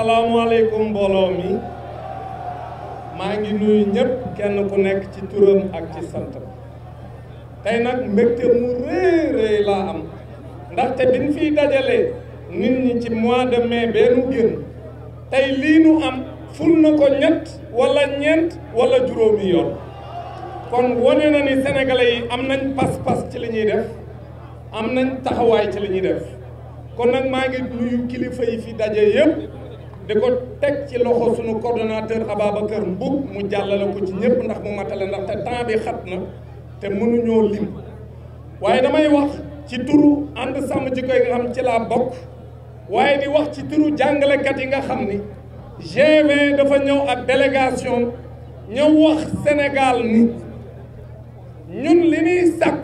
asalaamualeykum mbooloo mi maa ngi nuyu ñëpp kenn ku nekk ci turam ak ci santam tey nag mbégte mu rëy rëy laa am ndaxte biñ fiy dajale nit ñi ci mois de mais bee nu génn tey lii nu am ful na ko ñett wala ñeent wala juróomi yoon kon wane na ni sénégalais yi am nañ pas-pas ci li ñuy def am nañ taxawaay ci li ñuy def kon nag maa ngi nuyu kilifa yi fi daje yëpp. di ko teg ci loxo sunu coordonnateur Ababacar Mboub mu jàllale ko ci ñëpp ndax mu matale ndaxte temps bi xat na te mënuñoo lim waaye damay wax ci turu ànd sàmm ji koy nga xam ci laa bokk waaye di wax ci turu jàngalekat yi nga xam ni g dafa ñëw ak délégation ñëw wax Sénégal ni ñun li ñuy sàkk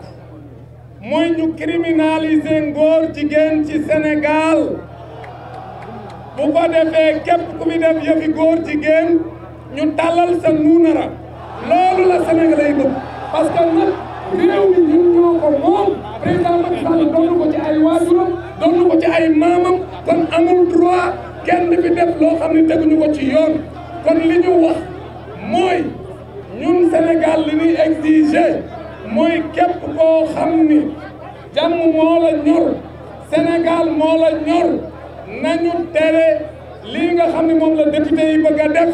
mooy ñu criminaliser ngóor jigéen ci Sénégal bu ko defee képp ku mi def yëfi góor jigéen ñu tàllal sa nuunara loolu la Sénégalais yi bëgg parce que nag réew mi ñun ñoo ko moom président Macky Sall doonu ko ci ay waajuram doonu ko ci ay maamam kon amul droit kenn fi def loo xam ne teguñu ko ci yoon kon li ñu wax mooy ñun Sénégal li ñuy exiger mooy képp koo xam ni jàmm moo ñor Sénégal moo ñor nañu tere lii nga xam ni moom la député yi bëgg a def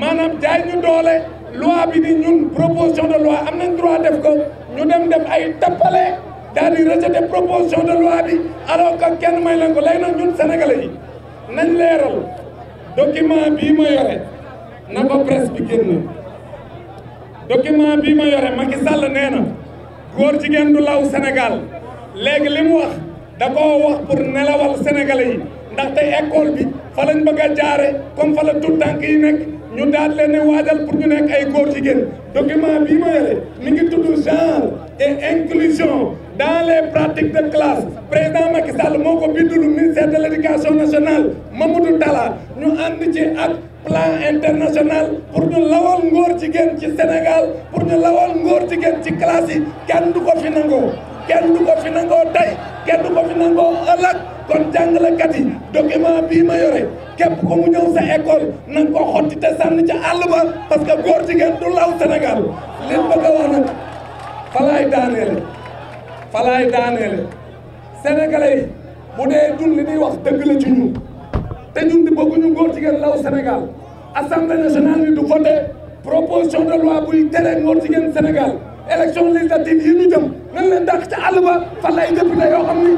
maanaam jaay ñu doole loi bi ni ñun proposition de loi am nañ droit def ko ñu dem dem ay tappale daal di rejeté proposition de loi bi alors que kenn may leen ko lay na ñun sénégalais yi nañ leeral document bii ma yore na ko presse bi génn document bii ma yore Macky Sall nee na góor jigéen du law senegal léegi li mu wax da koo wax pour nelawal sénégalais ndaxte école bi fa lañ bëgg a jaare comme fa la tout tànk yi nekk ñu daal leen waajal pour ñu nekk ay góor jigéen document bii ma yore mi ngi tudd genre et inclusion dans les pratiques de classe président Macky Sall moo ko bindu lu ministère de l' éducation nationale Mamadou Talla ñu ànd ci ak plan international pour ñu lawal ngóor jigéen ci Sénégal pour ñu lawal ngóor jigéen ci classe yi kenn du ko fi nangoo kenn du ko fi nangoo tey kenn du ko fi nangoo ëllëg kon jàngalekat yi document bii ma yore képp ko mu ñëw sa école na nga ko xotti te sànni ca àll ba parce que góor du law Sénégal leen bëgg a wax nag falaay daaneele falaay daaneele sénégalais yi bu dee dun li ñuy wax dëgg la ci te ñun di bëgguñu góor jigéen law Sénégal assemblée nationale bi du voté proposition de loi buy tere góor jigéen Sénégal élection législative yi ñu jëm nañ leen dàq ca àll ba fa lay député yoo xam ni